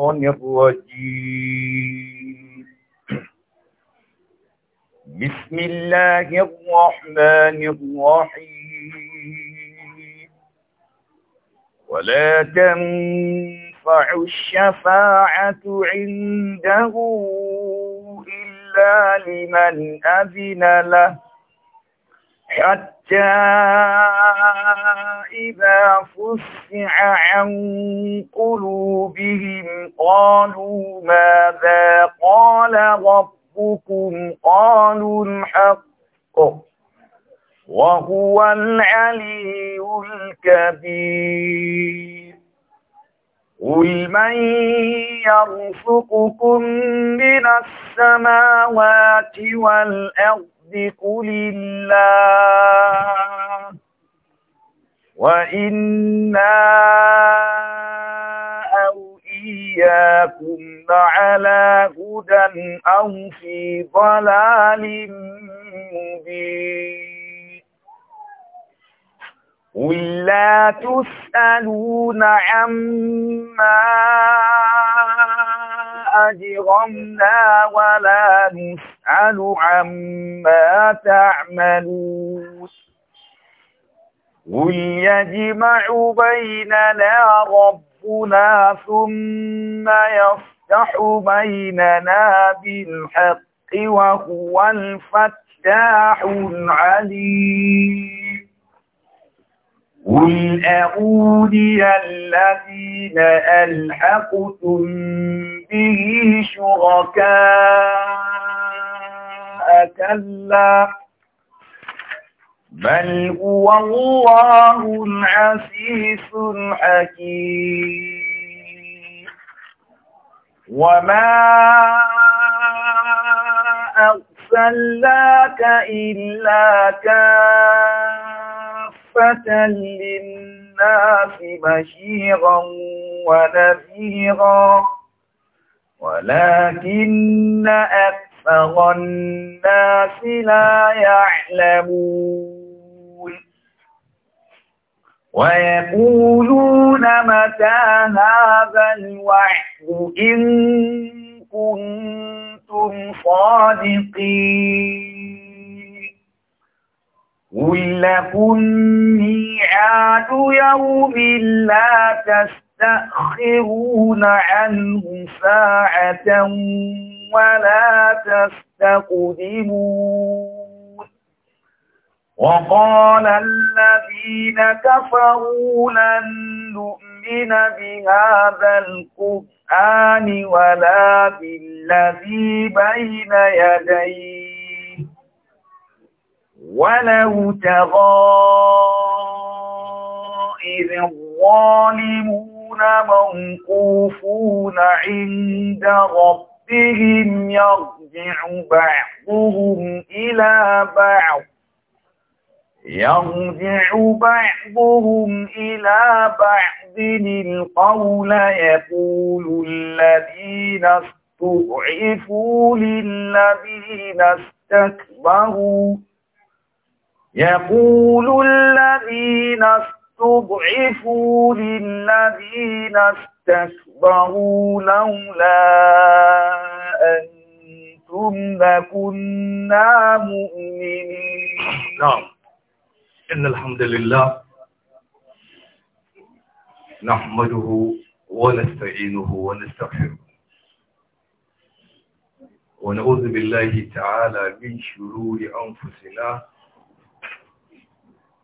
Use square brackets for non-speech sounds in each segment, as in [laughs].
الشيطان الرجيم بسم الله الرحمن الرحيم ولا تنفع الشفاعة عنده إلا لمن أذن له حتى إذا فسع عن قلوبهم قالوا ماذا قال ربكم قالوا الحق وهو العلي الكبير قل من يرزقكم من السماوات والأرض الرشد قل الله وإنا أو إياكم لعلى هدى أو في ضلال مبين قل لا تسألون عما أجرمنا ولا نسأل عما تعملون قل يجمع بيننا ربنا ثم يفتح بيننا بالحق وهو الفتاح العليم قل أعودي الذين ألحقتم به شركاء كلا بل هو الله العزيز الحكيم وما أرسلناك إلا كافة للناس بشيرا ونذيرا ولكن أكثر الناس لا يعلمون ويقولون متى هذا الوعد إن كنتم صادقين قل لكم ميعاد يوم لا تستطيعون تستأخرون عنه ساعة ولا تستقدمون وقال الذين كفروا لن نؤمن بهذا القرآن ولا بالذي بين يديه ولو تغى إذ الظالمون موقوفون عند ربهم يرجع بعضهم إلى بعض يرجع بعضهم إلى بعض القول يقول الذين استضعفوا للذين استكبروا يقول الذين استكبروا استضعفوا للذين استكبروا لولا أنتم لكنا مؤمنين نعم إن الحمد لله نحمده ونستعينه ونستغفره ونعوذ بالله تعالى من شرور أنفسنا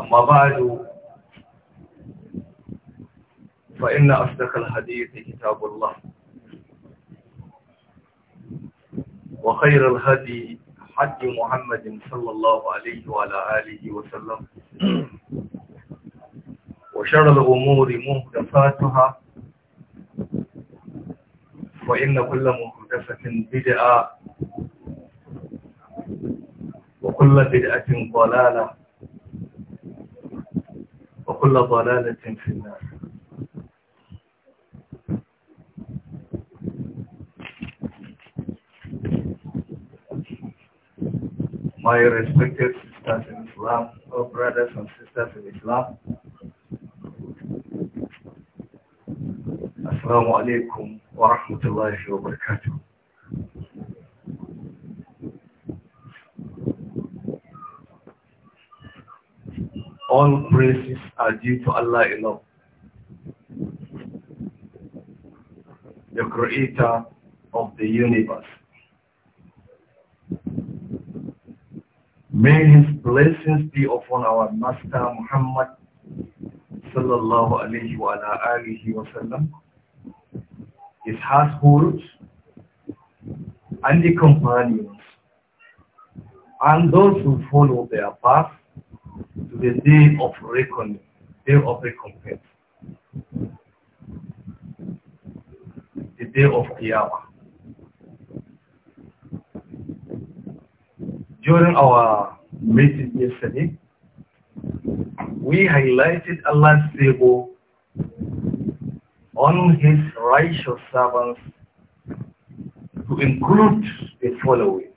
أما بعد فإن أصدق الحديث كتاب الله وخير الهدي حج محمد صلى الله عليه وعلى آله وسلم وشر الأمور مهدفاتها وإن كل مهدفة بدعة وكل بدعة ضلالة وكل ضلالة في النار My respected sisters in Islam, or brothers and sisters in Islam, Assalamu alaikum wa rahmatullahi wa barakatuh. all praises are due to Allah alone. The creator of the universe. May his blessings be upon our master Muhammad sallallahu alayhi wa alihi wa sallam, his household and the companions and those who follow their path to the day of reckoning, day of recompense. The day of Qiyamah. During our meeting yesterday, we highlighted Allah's favor on his righteous servants to include the following.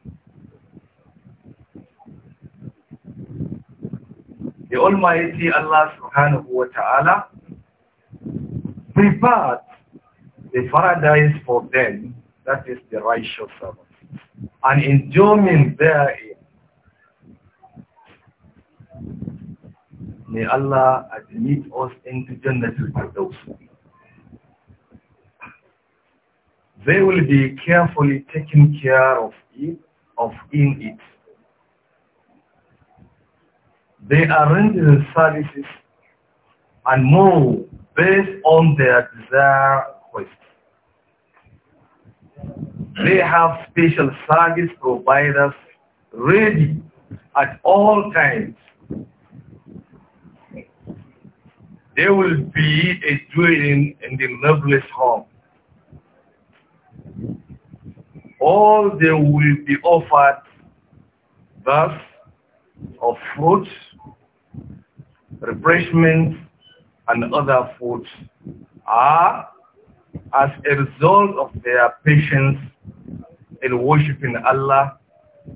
the Almighty Allah subhanahu wa ta'ala prepared the paradise for them, that is the righteous servants, and enjoying therein. May Allah admit us into Jannah with those. They will be carefully taken care of it, of in it. They are the services and more based on their desire quest. They have special service providers ready at all times. There will be a dwelling in the loveless home. All they will be offered, thus, of fruits, refreshments, and other foods are as a result of their patience in worshiping Allah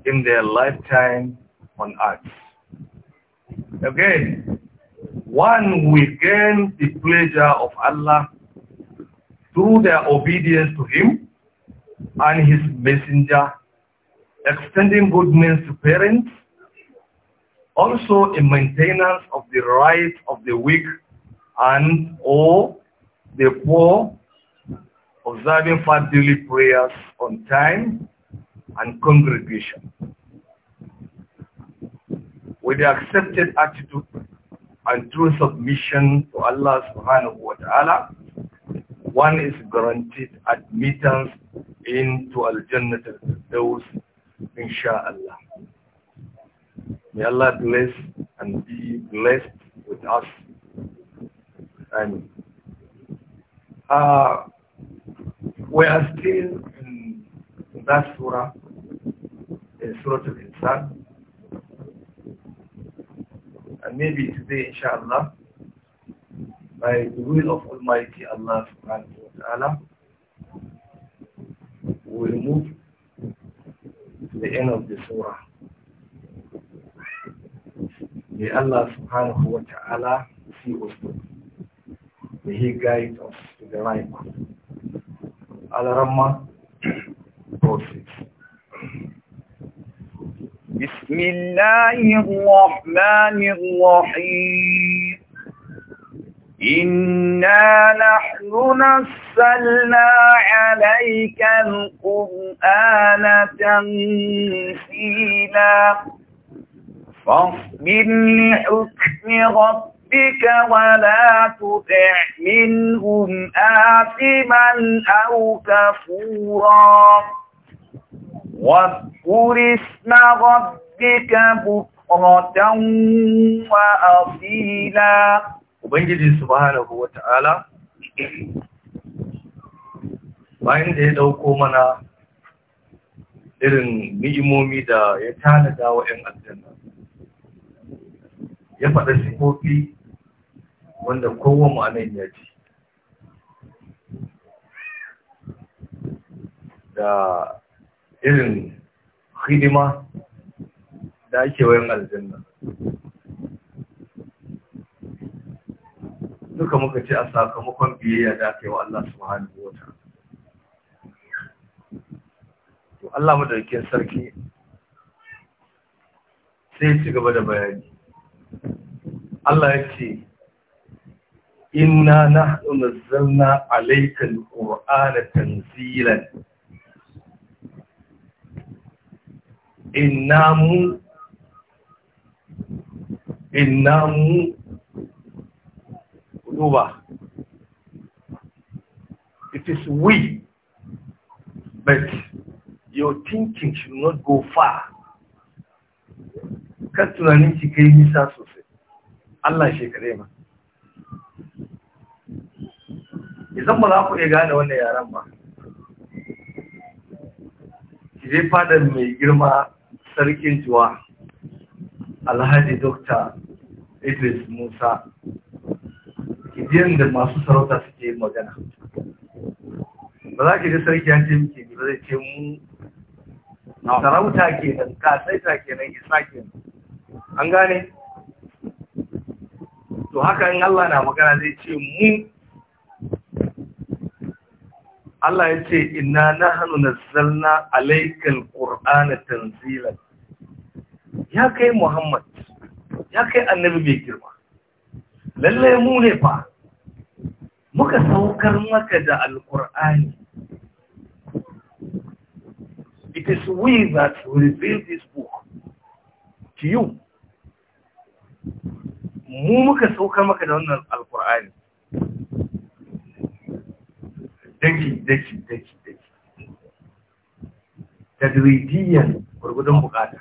in their lifetime on earth. Again, one will gain the pleasure of Allah through their obedience to Him and His Messenger, extending goodness to parents, also a maintenance of the rights of the weak and or the poor, observing five daily prayers on time and congregation. With the accepted attitude and true submission to Allah subhanahu wa ta'ala, one is guaranteed admittance into Al-Jannah al-Firdaus, insha'Allah. May Allah bless and be blessed with us. And uh, we are still in that surah, in Surah Al-Insan. And maybe today, inshallah, by the will of Almighty Allah subhanahu wa ta'ala, we'll move to the end of the surah. May Allah subhanahu wa ta'ala see us through. May He guide us to the right path. Al-Rahman, proceed. بسم الله الرحمن الرحيم إنا نحن نسلنا عليك القرآن تنسيلاً فاصبر لحكم ربك ولا تطع منهم آثما أو كفورا واذكر اسم ربك بكرة وأصيلا Ubangiji subhanahu wa ta'ala bayan da ya ɗauko mana irin ni'imomi da ya tanada wa ‘yan aljanna ya faɗa sifofi wanda kowane mu'amin ya ce da irin hidima da ake wayan aljanna duka muka ce a sakamakon biyayya da ake wa Allah su hannu wata to Allah madaukakin sarki sai ci gaba da bayani Allah ya ce inna nahnu nazzalna alayka alqur'ana tanzilan inna mu inna mu duba it is we but your thinking should not go far ka tunanin ki kai nisa sosai Allah shi kare ma idan ba za ku iya gane wannan yaran ba ki je fadar mai girma sarkin juwa alhaji dokta idris musa ki je da masu sarauta suke magana ba za ki ji sarki ya ce miki ba zai ce mu sarauta kenan kasai ta kenan isa ke an gane to haka in Allah na magana zai ce mu Allah ya ce inna nahnu nazzalna alaykal qur'ana tanzila ya kai Muhammad ya kai annabi mai girma lalle mu ne fa muka saukar maka da alqur'ani it is we that will reveal this book to you mu muka saukar maka da wannan alkur'ani daki daki daki daki tadridiyan gurgudun bukata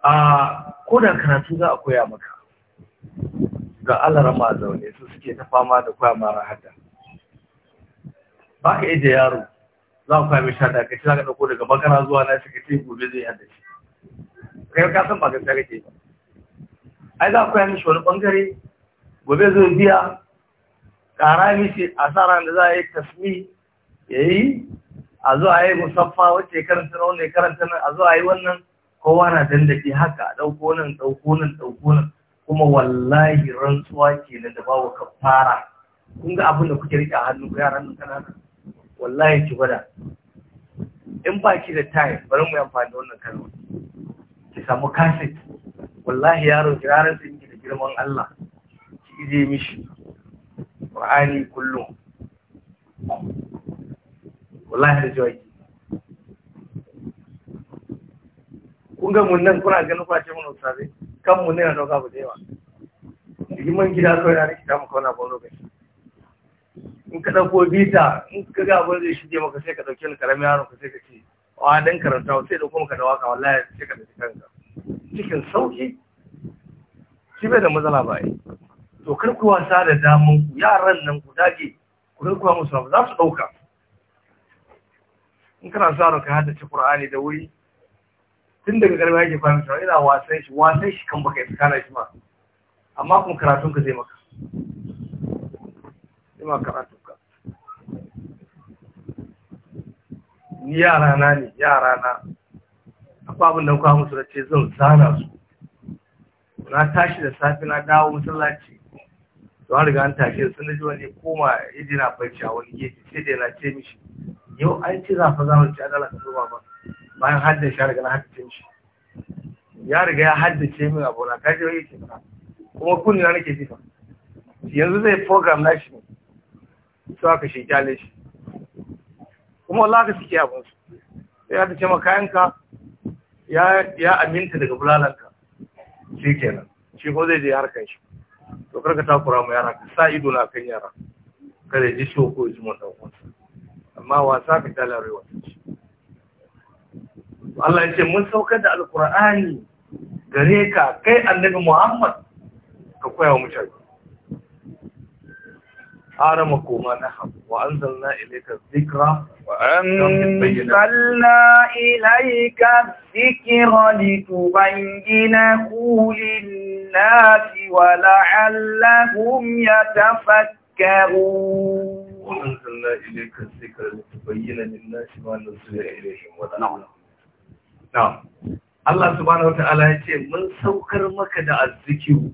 a koda karatu za a koya maka ga alarama zaune su suke ta fama da koya mara hada ba ka iya da yaro za ku kame shata ka shi za ka ɗauko daga bakara zuwa na shi ka ce gobe zai hada shi kai ka san ba gaskiya kake ba ai za ku yi mishi wani bangare gobe zo biya ƙara mishi asara da za a yi tasmi ya yi a zo a yi musaffa wacce karanta na wani karanta na a zo a yi wannan kowa na dandaki haka a ɗauko nan ɗauko nan ɗauko nan kuma wallahi rantsuwa ke nan da babu fara. kun ga abin da kuke rike a hannu yaran nan kanana wallahi ki gwada in ba ki da time bari mu yi amfani da wannan kalmar samu kaset wallahi yaro kirarar sun da girman Allah ki ije mishi ƙwa'ani kullum wallahi da jiwa kun ga mun nan kuna ganin kwace mun ustazai kan mun ne na dauka ba da yawa hikiman gida kawai na rikita maka wani abin lokaci in ka ɗauko bita in ka ga abin zai shige maka sai ka ɗauki wani karamin yaron ka sai ka ce a ɗan karanta sai da maka da dawaka wallahi sai ka ɗauki kanka cikin sauki shi bai da matsala ba to kar ku wasa da damun ku yaran nan ku dage ku rinkuwa musu abu za su ɗauka in kana sa da ka haddace Qur'ani da wuri tun daga garba yake fahimta cewa ina wasan shi wasan shi kan baka tsakana shi ma amma kuma karatun ka zai maka zai ma karatun ka ni yara na ne yara na ko abin da kawo musu ce zan zana su na tashi da safe na dawo masallaci to an riga an tashi sun ji wani koma yaji na bacci a wani gefe sai dai na ce mishi yau an ce za fa zamu ci adala ka zuwa ba bayan haddace ya riga na haddace mishi ya riga ya ce min abu na kaje yau yake fara kuma kunni na nake jifa yanzu zai program na shi ne su aka shi kyale shi kuma Allah ka suke abin su sai ya ce maka yanka ya aminta daga bulalanka shi kenan shi ko zai je harkar shi to karka takura mu yara ka sa ido na kan yara kada ji shi ko ji mun amma wasa ka tala rewa Allah ya ce mun saukar da alkur'ani gare ka kai annabi Muhammad ka koya wa mutane حرم كما نحن وأنزلنا إليك الذكرى وأنزلنا إليك الذكرى لتبينه للناس ولعلهم يتفكرون وأنزلنا إليك الذكرى لتبين للناس ما نزل إليهم ولعلهم نعم Allah subhanahu wata'ala ya ce mun saukar maka da azzikiru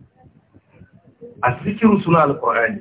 azzikiru suna alqur'ani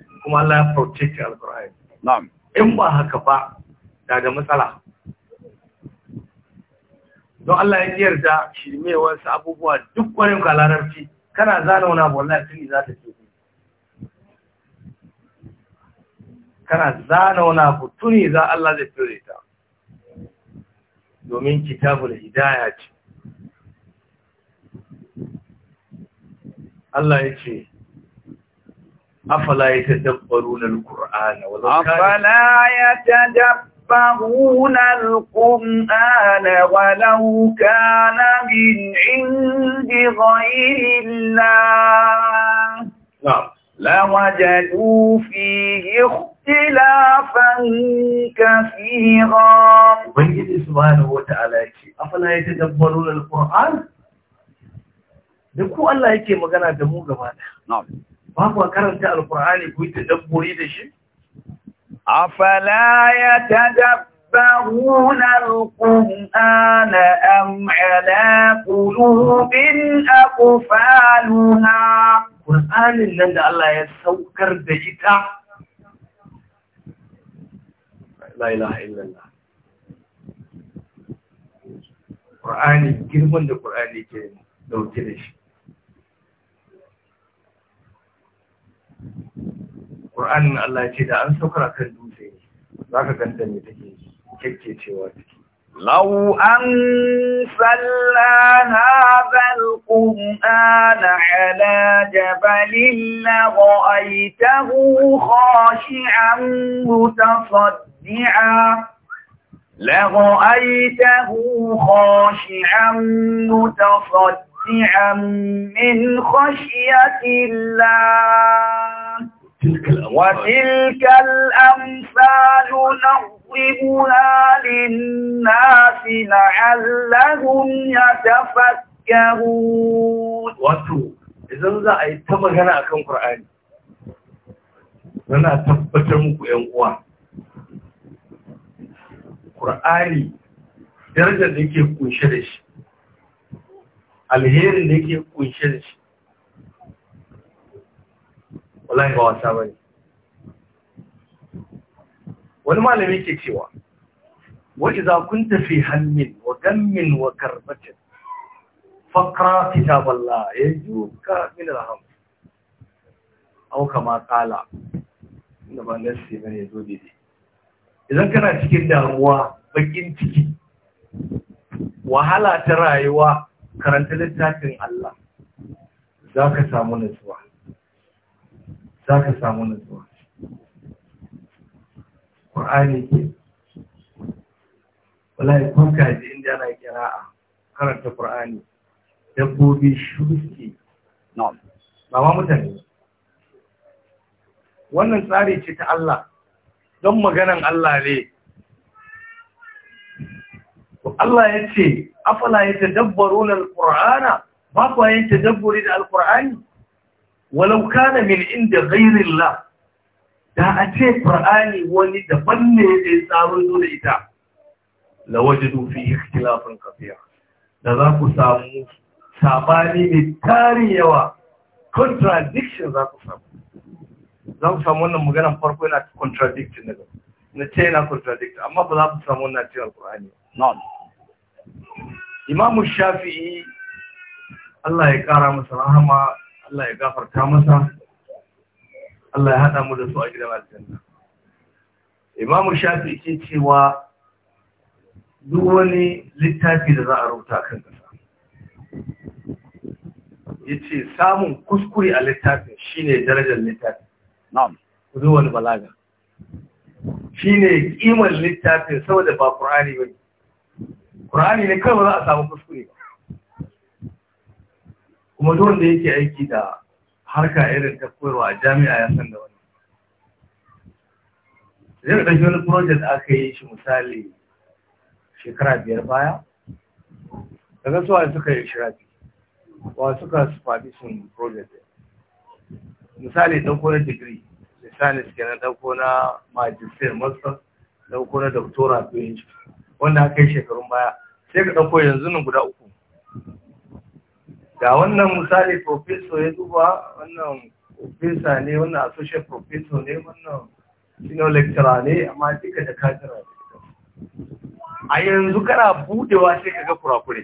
kuma Allah ya protect alqur'ani na'am in ba haka ba daga matsala don Allah ya yarda mai wasu abubuwa duk kwarin ka larabci kana zana wani abu wallahi tuni za ta teku kana zana wani abu tuni za Allah zai fure ta domin kitabul hidaya ce Allah ya ce afala ya tadabbaru na al’ur’ana afala ya tadabbaru na al’ur’ana wa lauka na bin inji zairila lawa da dufi ihtila fanka fi ran wani isma'ila wata alaƙi afala ya tadabbaru na al’ur’ana da ku Allah yake magana da mu gaba ba kuwa karanta alkur'ani ku yi dabbori da shi afala yatadabbaruna alqur'ana am ala qulubin aqfaluna qur'anin nan da Allah ya saukar da ita ƙur'ani girman da ƙur'ani ke dauke da shi ƙur'anin Allah ce da an saukara kan dutse za ka ganta take kyakke cewa take. Lau an tsalla na zan ƙunta na ala jabalin na ra'ayi ta huho shi an ruta sadi'a. Lẹ́gọ́ ayé tẹ́hùn kọ́ṣì àmú tọ́fọ́ tí àmú ń وتلك الأمثال na للناس لعلهم يتفكرون wato idan za a yi ta magana a kan Qur'ani muna tabbatar muku 'yan uwa Qur'ani darajar da yake kunshe da shi alherin da yake kunshe da shi wallahi ba wasa bane wani malami ke cewa wa idza kunta fi hammin wa gammin wa karbatin faqra kitaballah yajuka min alham aw kama qala inda ba nasi bane yazo dide idan kana cikin damuwa bakin ciki wahala ta rayuwa karanta littafin Allah za ka samu nutsuwa za ka samu nutsuwa ƙwa'ani ke wallahi ko kaji inda ana a karanta ƙwa'ani dabbobi shuke ba ma mutane wannan tsari ce ta Allah don maganan Allah ne Allah ya ce afala ya dabbaro na alƙur'ana ba kuwa ta dabbori da alƙur'ani walau kana min inda ghairillah da a ce qur'ani wani daban ne ya tsaro zo da ita la wajadu fi ikhtilafin kafiya da za ku samu sabani mai tarin yawa contradiction za ku samu za ku samu wannan maganan farko yana contradiction daga na ce yana contradict amma ba za ku samu wannan cikin qurani non imamu shafi'i Allah ya kara masa rahama Allah ya gafarta masa Allah ya haɗa mu da su a gidan aljanna Imam Shafi ke cewa duk wani littafi da za a rubuta kan ƙasa yace samun kuskure a littafin shine darajar littafin na'am zo wani balaga shine kimar littafin saboda ba Qur'ani ne. Qur'ani ne kawai za a samu kuskure ba kuma duk wanda yake aiki da harka irin ta koyarwa a jami'a ya san da wani zai ka ɗauki wani project aka yi shi misali shekara biyar baya daga wani suka yi shirafi wa suka faɗi sun project misali ɗauko na digiri misali suke na ɗauko na Majistar master ɗauko na doctora to wanda aka yi shekarun baya sai ka ɗauko yanzu nan guda uku ga wannan misali professor ya duba wannan professor ne wannan associate professor ne wannan senior lecturer ne amma duka da kadira a yanzu kana budewa sai kaga kurakure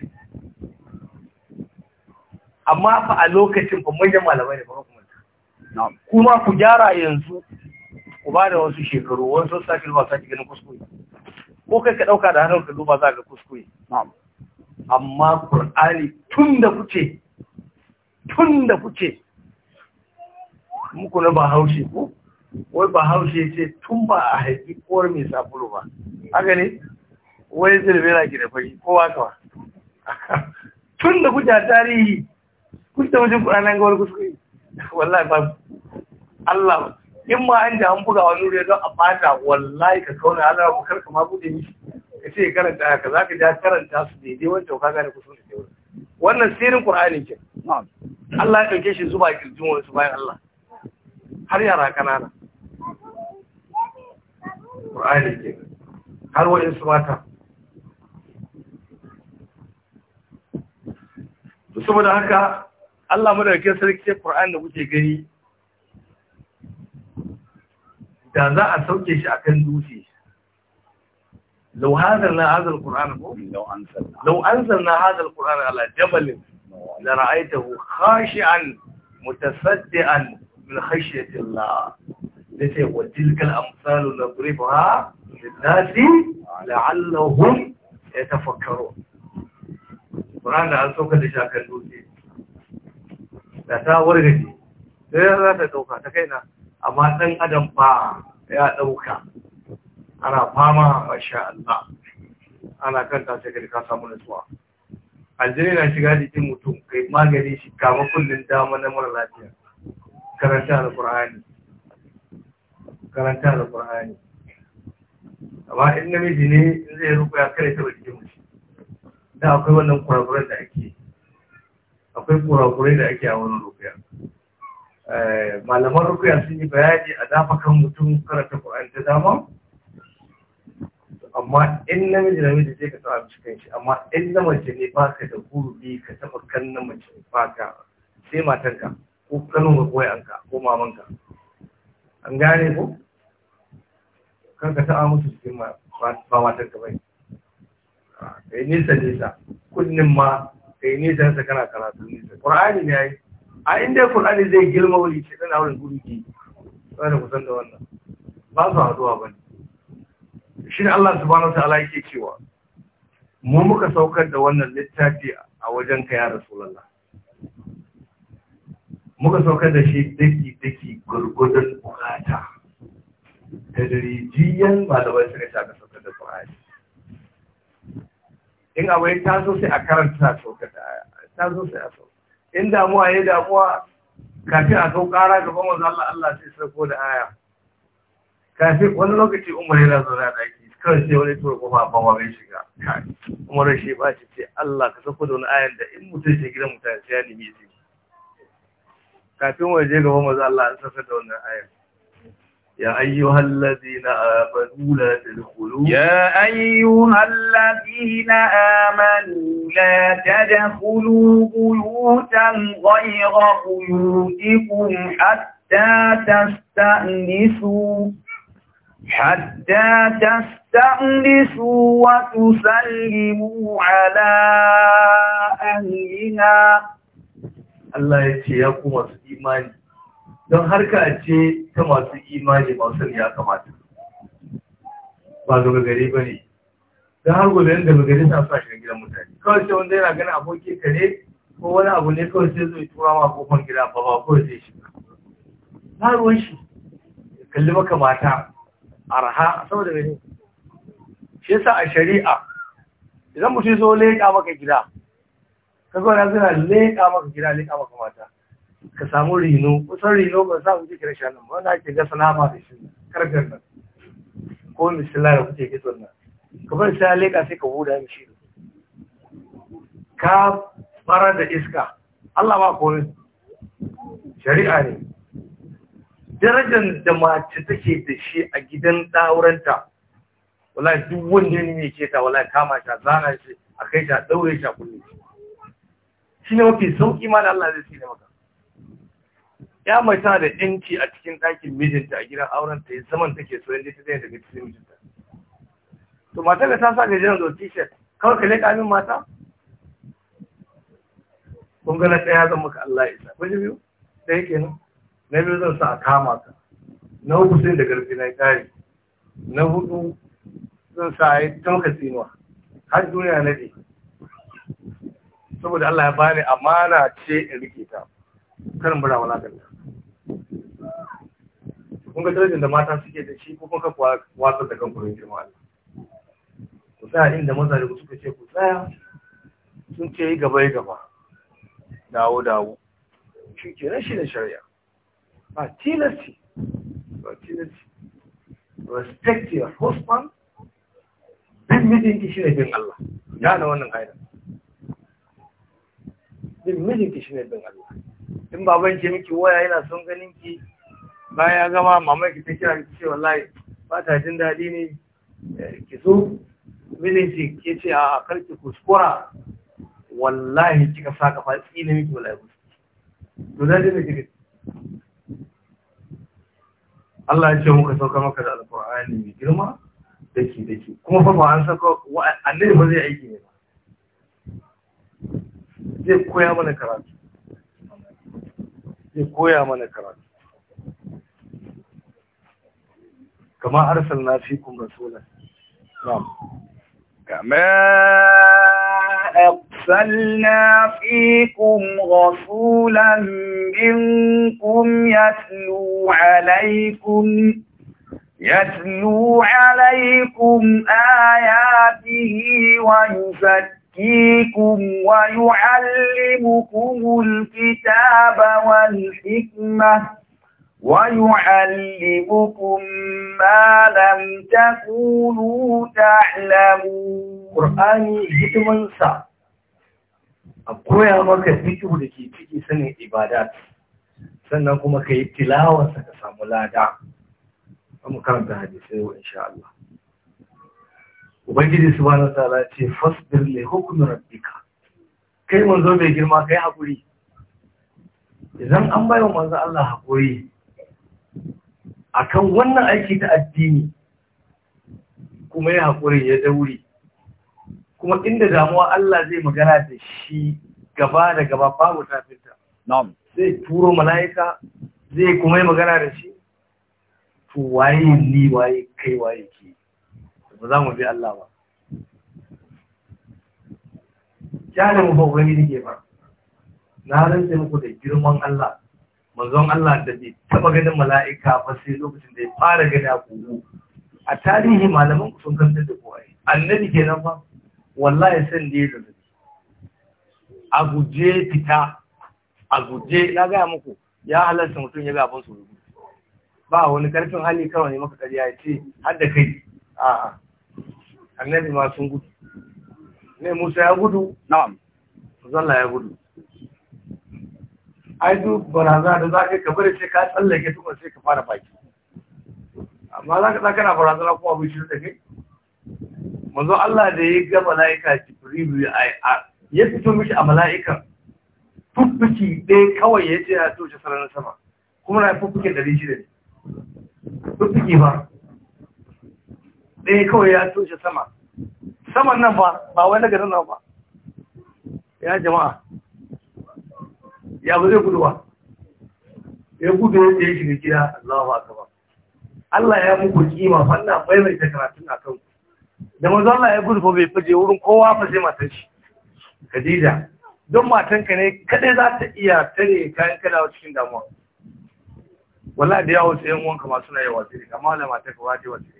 amma fa a lokacin fa manyan malamai ne ba kuma kuma ku gyara yanzu ku ba da wasu shekaru wasu sashi ba sake ganin kuskure ko kai ka dauka da hannun ka duba za ka kuskure amma qur'ani tun da kuce tun da kuke muku na haushe ko wai haushe ce tun ba a haifi kowar mai sabulu ba haka ne wai zirbe ki da fari kowa kawa [laughs] tun da kuke a tarihi kuke da wajen kudanen gawar kuskure [laughs] wallahi ba Allah in ma an da an buga wani wuri don a fata wallahi ka kauna Allah ku kar ma bude mishi ka ce karanta ka za ka ja karanta su daidai wancan ka gane kuskure wannan sirrin ƙur'ani ke na'am Allah ya ɗauke shi zuba kirjin wasu bayan Allah har yara ƙanana ƙur'ani ke har wa'in su mata da haka Allah ɗauke sarki ce Qur'ani da kuke gani da za a sauke shi a kan dutse لو هذا لا هذا القرآن لو أنزلنا هذا القرآن على جبل la ra'aitahu khashi'an mutasaddian min khashyati Allah yace wa tilkal amsalu nadribuha lin-nasi la'allahum yatafakkarun Qur'an da an sauka da shakan dutse da ta wargaje sai za ta dauka ta kaina amma dan adam fa ya ɗauka. ana fama masha Allah ana kanta sai ka samu nutsuwa aljini na shiga jikin mutum kai magani shi kama kullum dama na mara lafiya karanta da ƙur'ani karanta da ƙur'ani amma in namiji ne in zai ya kare ta jikin mutum da akwai wannan kurakurai da ake akwai kurakurai da ake a wani rubuya eh, malaman rubuya sun yi bayani a dafa kan mutum karanta ƙur'ani ta dama amma in namiji namiji sai ka tsara cikin shi amma in na mace ne ba ka da gurbi ka taɓa kan na mace ba ka sai matanka ko kanin ga koyanka ko mamanka an gane ko kan ka taɓa musu cikin ba matanka bai ah, kai nisa nisa kullum ma kai nisa nisa kana karatu nisa ƙur'ani ne yayi a inda ƙur'ani zai girma wuri ce ɗan auren gurbi ba da kusan da wannan ba su haɗuwa ba ne shi ne Allah subhanahu ta'ala yake cewa mu muka saukar da wannan littafi a wajen ka ya rasulullah muka saukar da shi daki daki gurgudun bukata da dirijiyan malamai suka shaka saukar da Qur'ani in abai ta so sai a karanta saukar da ta so sai a sau in damuwa ya damuwa kafin a sau kara gaban wanzu Allah Allah sai sako da aya kafin wani lokaci umar yana zaune a daki kawai sai wani tura kofa ba ma bai shiga umar shi ba shi ce Allah ka sako da wani ayan da in mutum shi gidan mutane sai ya nemi shi kafin waje gaba maza Allah an saka da wannan ayan يا أيها الذين آمنوا لا تدخلوا يا أيها الذين آمنوا لا تدخلوا بيوتا غير بيوتكم حتى تستأنسوا حتى تستأنسوا وتسلموا على أهلها Allah ya ce ya ku masu imani don harka ce ta masu imani masu ya kamata ba gaba gari ba ne don har gobe yin gaba gari sa sa shirin gidan mutane kawai sai wanda yana gani abokin kare ko wani abu ne kawai sai zai turawa ma kofar gida ba ba kawai sai shi na ruwan shi kalli maka mata arha saboda gani shi yasa a shari'a idan mutum so leƙa maka gida ka gwada na suna leƙa maka gida leƙa maka mata ka samu rino kusan rino ba sa kuke kira shanin ba wanda ake gasa nama da shi karfin nan ko misila da kuke kitson nan ka bar sai leƙa sai ka huda mishi ka fara da iska Allah ba komai shari'a ne darajar da mace take da shi a gidan dawuranta, wallahi duk wanda ne ke ta wallahi kama shi zana shi a kai ta, a ɗaure shi a kulle shi ne mafi sauƙi ma da Allah zai tsine maka ya mai tana da yanci a cikin ɗakin mijinta a gidan auren ta zaman take so yadda ta zai daga cikin mijinta to mata ga ta sa jiran zo t-shirt kawai ka leƙa min mata kun gana ɗaya zan maka Allah ya isa kun ji biyu ɗaya kenan na biyu zan sa a kama ka na uku sai da garfi na kare na hudu zan sa a yi ta maka tsinuwa har duniya na ɗi saboda Allah ya bani amana ce in rike ta karin bura walakanta kun ga darajar da mata suke da shi ko kuma ka watsar da kan kurin girma ne ku tsaya inda maza da suka ce ku tsaya sun ce yi gaba yi gaba dawo dawo shi kenan shi ne shari'a ba tilasti ba tilasti respect your husband bin mijinki shi ne bin Allah na wannan ƙa'ida bin mijinki shi ne bin Allah in baban ke miki waya yana son ganin ki baya gama mamaki ta kira ki ce wallahi ba ta jin daɗi ne eh, ki so mijinki ke ce a karki kuskura wallahi kika saka fa ne miki wallahi to da ne kike Allah ya ce muka sauka maka da alƙur'ani mai girma da ke kuma fa ba an saka annabi ba zai aiki ne zai koya mana karatu zai koya mana karatu kama arsalna fikum rasulan na'am كما أرسلنا فيكم رسولا منكم يتلو عليكم يتلو عليكم آياته ويزكيكم ويعلمكم الكتاب والحكمة ويعلمكم ما لم تكونوا تعلمون قرآني هتمن سا أقويا مكا da ke ciki sanin إبادات sannan kuma ka yi tilawarsa ka samu lada a makaranta hadisai wa insha Allah. Ubangiji su bane tsara ce fasbir le hukumin rabbika kai manzo mai girma kai haƙuri idan an bayan manzo Allah haƙuri akan wannan aiki ta addini kuma ya ya dauri kuma inda damuwa Allah zai magana da shi gaba da gaba babu tafinta zai turo mala'ika zai kuma yi magana da shi to waye ni waye kai waye ke ba za mu bi Allah ba ya da mu ba wani ne ba na rantsa muku da girman Allah manzon Allah da bai taba ganin mala'ika ba sai lokacin da ya fara gani a kogo a tarihi malaman sun kantar da kowa annabi kenan fa wallahi san da ya zazzabi a guje fita a guje na gaya muku ya halarta mutum ya gaban su ba wani karfin hali kawai ne maka ya ce har da kai a'a annabi ma sun gudu ne musa ya gudu na'am zalla ya gudu ai duk baraza da za ka ka bari sai ka tsallake tukun sai ka fara baki amma za ka tsakana barazana kuma abincin da kai manzo Allah da ya ga mala'ika jibrilu ya fito mishi a mala'ika. fuffuki ɗaya kawai ya ce ya toshe sararin sama kuma na fuffukin ɗari shida ne fuffuki ba ɗaya kawai ya toshe sama saman nan ba ba wani na garin nan ba ya jama'a ya ba zai gudu ba ya gudu ya tsaye shiga gida Allahu akbar Allah ya muku kima fanna bai mai karatun akan ku da manzo Allah ya gudu fa bai fije wurin kowa ba sai matan shi Khadija don matanka ne kadai za ta iya tare kayan kada cikin damuwa wallahi da yawo sai yan wanka ma suna yawa sai amma da ka waje wace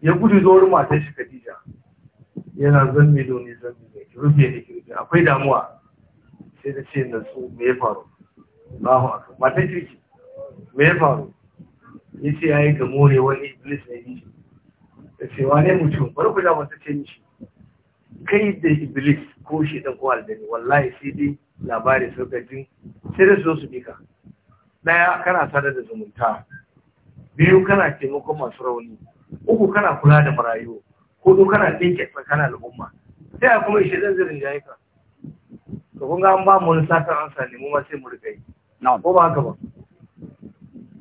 ya gudu zuwa wurin matan shi Khadija yana zan mai doni zan rufe ne kirji akwai damuwa sai da ce na su me ya faru hau akbar matan kirki me ya faru yace yi ga more wani iblis na yi ta ce ne mutum bari ku da mata ce mishi kai da iblis ko shi dan ko aljani wallahi sai dai labari sauka jin sai da su zo su bika daya kana sadar da zumunta biyu kana taimakon masu rauni uku kana kula da marayu hudu kana dinke tsakanin al'umma sai a kuma ishe zan zirin jayi ka to kun ga an ba mu wani satan ansa sani mu ma sai mu rika ko ba haka ba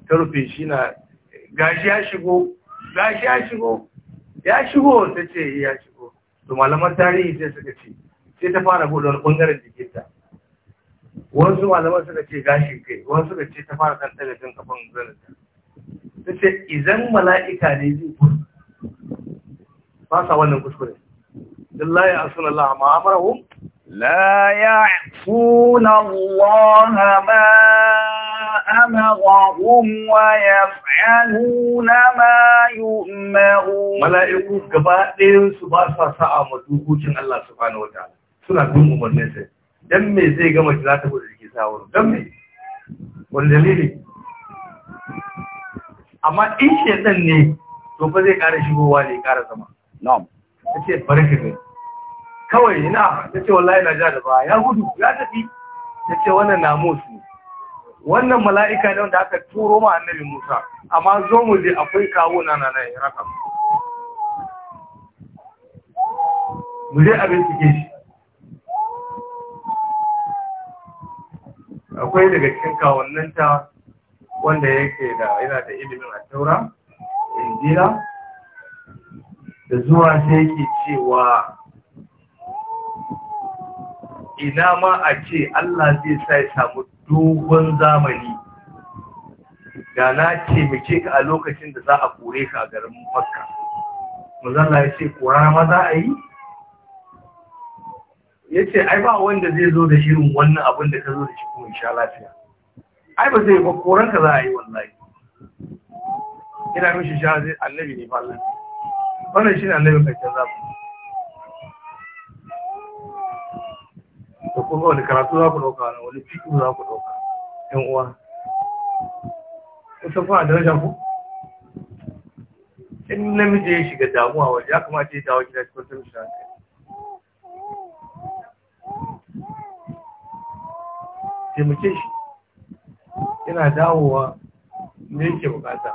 ta rufe shi na gashi ya shigo gashi ya shigo ya shigo ta ce eh, ya shigo to malaman tarihi sai suka ce sai ta fara buɗe wani ɓangaren jikinta wasu malaman suka ce gashin kai wasu suka ce ta fara kan tagatin kafan zanata ta ce idan mala'ika ne zai kuskure ba sa wannan kuskure لا يعصون الله ما أمرهم لا يعفون الله ما أمرهم ويفعلون ما يؤمرون ملائكة قبائل سباسة ساعة مدوكوشن الله سبحانه وتعالى سنة دوم من مرنسة دمي زي قمت لا تقول لكي ساور دمي والدليلي أما إيش يتنني تو to ba zai ƙara shigowa ne ƙara zama kawai yana ta ce wallahi na ja da ba ya gudu ya tafi ta ce wannan namus ne wannan mala'ika ne wanda aka turo ma annabi musa amma zo mu je akwai kawo na na na iraka mu je a bincike shi akwai daga cikin ta wanda yake da yana da ilimin a taura injila da zuwa sai yake cewa ina ma a ce Allah zai sa ya samu dogon zamani da na taimake ka a lokacin da za a kore ka a garin makka mazalla ya ce kora ma za a yi ya ce ai ba wanda zai zo da irin wannan abin da ka zo da shi kuma sha lafiya ai ba zai ba koran ka za a yi wallahi ina mishi sha zai annabi ne fa Allah wannan shi ne annabin kakken zafi da kuma wani karatu za ku ɗauka wani wani fiƙi za ku ɗauka ƴan uwa kusan kuna daraja ku in namiji ya shiga damuwa waje ya kamata ya dawo gida cikin tamishin hankali taimake shi yana dawowa me yake bukata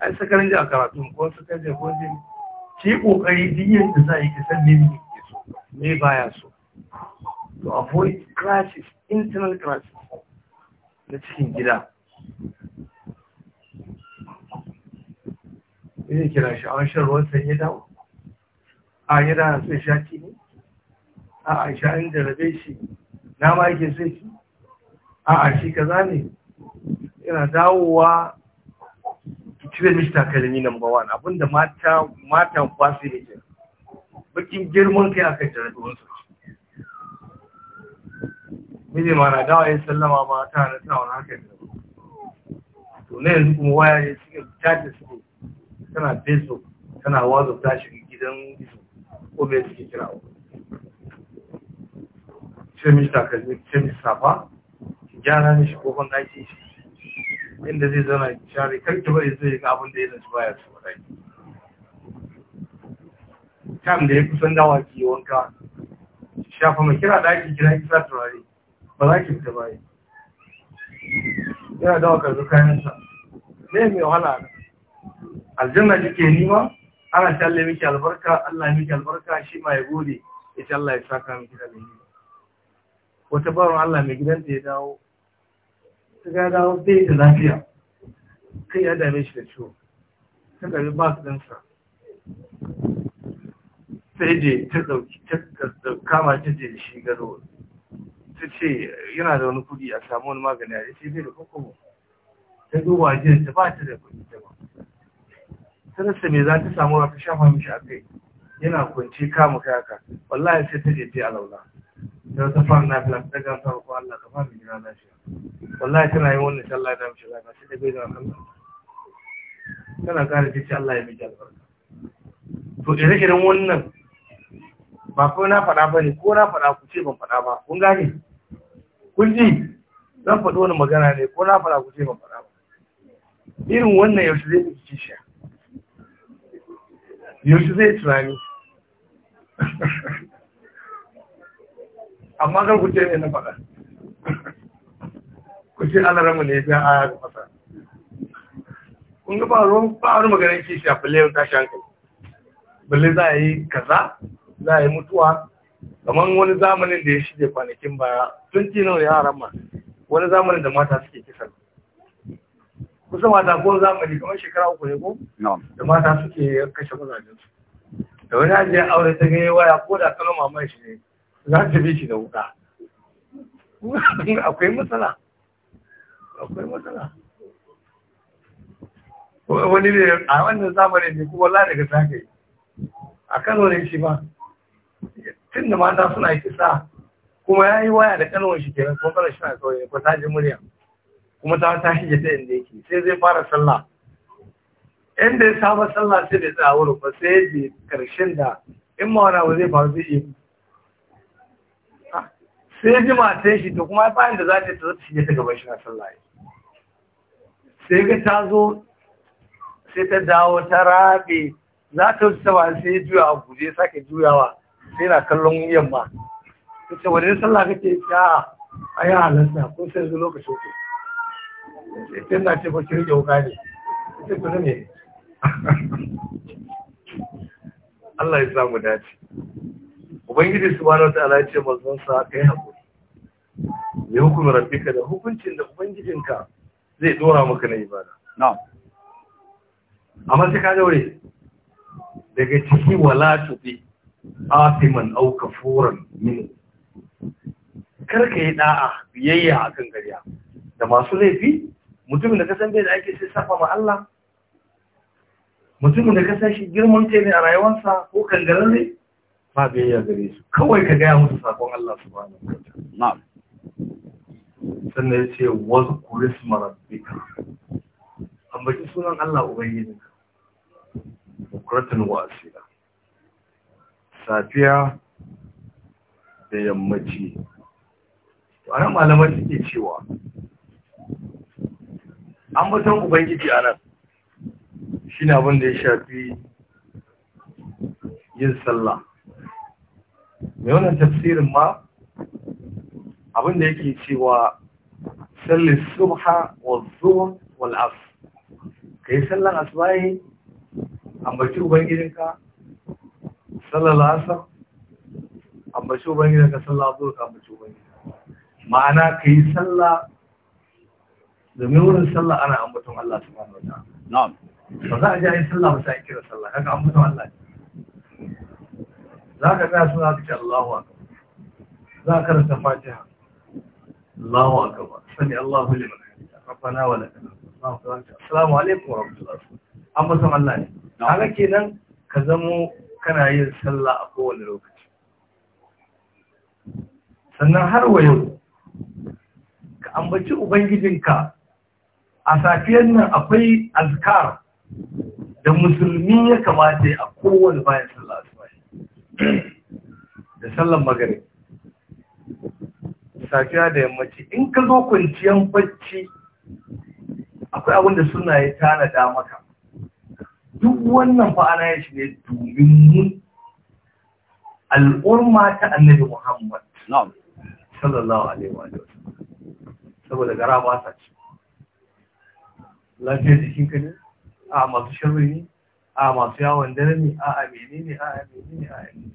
ai sakarin ji a karatu ko sakarin ji ko ji ki kokari duk da za a yi ki san me ke so me baya so to avoid crashes internal crashes na cikin gida Ina kira shi a shan ruwan sanyi dawo a yi dawo sai shaki ne a a sha'in da rabe shi nama yake sai shi a a shi kaza ne yana dawowa cire mishi takalmi na mabawan abinda mata mata ba su yi bakin girman kai aka jarabi wasu miji ma na dawa yin sallama ba ta na sa wani haka da to na yanzu kuma waya ne cikin chatin su tana facebook tana whatsapp ta shiga gidan gizo ko bai suke kira wa sai miji takalmi ce miji safa ki gyara shi kofan daki inda zai zana ki share kar ki bari zai ga abin da ya zaci baya su wadai kam da ya kusan dawa ki wanka shafa mai kira daki kira ki sa turare ba za ki fita bayi yana dawa karbi kayansa ne mai wahala aljanna kike nima ana talle miki albarka Allah miki albarka shi ma ya gode ya ce Allah ya saka miki da nima wata baron Allah mai gidanta ya dawo ta ga dawo bai da lafiya kai ya dame shi da ciwo ta gari ba su dinsa sai je ta dauki ta kama ta je shi gado ta ce yana da wani kudi a samu wani magani a ce bai da kokobo ta duba jiya ta ba ta da kudi ta ba ta rasa me za ta samu ta shafa mishi a kai yana kwanci kama kai haka wallahi sai ta je ta alaula ta ta fara na filan ta gan ko Allah ka fara jira lafiya wallahi tana yin wannan sallah da mishi lafiya sai ta bai da Allah tana kare ta ce Allah ya miki albarka to ire-iren wannan ba ko na faɗa ba ne ko na faɗa ku ce ban faɗa ba kun gane kun ji zan faɗi wani magana ne ko na faɗa ku ce ban faɗa ba irin wannan yaushe zai yi kishiya yaushe zai tunani [laughs] amma kan ku ce ne na faɗa [laughs] ku ce ana ramu ne ya aya ga fasa kun ga ba ruwan ba wani maganar kishiya balle ya tashi hankali balle za a yi kaza za a yi mutuwa kamar wani zamanin da ya shige kwanakin baya tun nawa ya ma? wani zamanin da mata suke kisan kusa mata ko zamani kamar shekara uku ne ko da mata suke kashe mazajensu da wani ajiyar aure ta gani waya ko da kano mamaye shi ne za ta bi shi da wuka [laughs] akwai matsala akwai matsala wani ne a wannan zamanin ne kuma la daga sake a kano ne shi ba tun da mata suna kisa kuma ya yi waya da kanuwan shi kenan kuma kanuwan shi na kawai ko ta ji murya kuma ta ta shige ta inda yake sai zai fara sallah inda ya saba sallah sai da tsawo rufa ba sai ya karshen da in ma wani abu zai faru zai yi ah, sai ji matan shi to kuma bayan da za ta ta shige ta gaban shi na sallah sai ga ta zo sai ta dawo ta rabe za ta wuce ta ba sai ya juya a guje sake juyawa sai na kallon yamma ta wani sallah kake ya a yi halarta kun sai yanzu lokaci ko sai ce na ce bakin yau gani ne ta kuna ne Allah ya samu dace ubangiji su subhanahu wata ala ce mazan sa kai haƙuri. ya hukumin rabbika da hukuncin da ubangijinka zai dora maka na ibada na'am amma sai ka daure daga ciki wala tubi afiman au kafuran min karka yi da'a biyayya a kan gariya da masu laifi mutumin da ka san bai da ake sai safa ma Allah mutumin da ka san shi girman ta ne a rayuwarsa ko ne? ba biyayya gare su kawai ka gaya musu sakon Allah su wa ta'ala sannan ya ce wasu kuris marabbika ambaci sunan Allah ubangijinka bukuratun wa asira safiya da yammaci anan malamai suke cewa an batan ubangiji a nan shi ne abin da ya shafi yin sallah mai wannan tafsirin ma abin da yake cewa sallis subha wa zuwa wal asr kai sallan asbahi ambaci ubangijinka sallar asar ambaci ubangiji ka sallar zuwa ka ambaci ubangiji ma'ana ka yi sallah domin wurin sallah ana ambaton Allah su manu wata ba za a ji a yi sallah ba sai kira sallah kaga ambaton Allah za ka ga suna ka ce Allahu akbar za ka karanta fatiha Allahu akbar sani Allahu liman rabbana wa lakal hamd assalamu alaikum wa rahmatullahi amma san Allah ne kaga kenan ka zamo kana yin sallah a kowane lokaci sannan har wa yau ka ambaci ubangijinka a safiyar nan akwai azkar da musulmi ya kamata a kowane bayan sallah da sallan magare safiya da yammaci in ka zo kwanciyar bacci akwai abinda suna ya tanada maka duk wannan fa ana ya shirya domin mu al'umma ta annabi Muhammad sallallahu alaihi wa saboda gara ba sa ci lafiyar jikinka ne a masu shirri ne a masu yawon dare ne a amini ne a amini ne a amini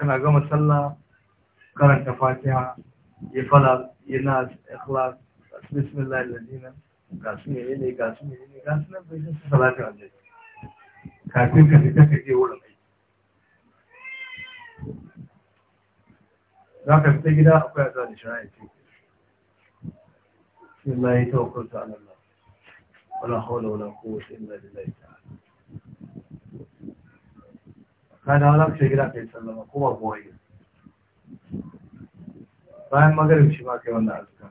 kana gama sallah karanta fatiha ya fala yana ikhlas bismillah lalina ga ne ne nan bai kafin ka fita ka je wurin aiki za ka fita gida akwai a zane shari'a ce shi na yi ta ala Allah wala hawla wala quwwata illa billahi ta'ala ka da wala ka gida yi sallama ko ba yi bayan magarin shi ma kai wannan azkar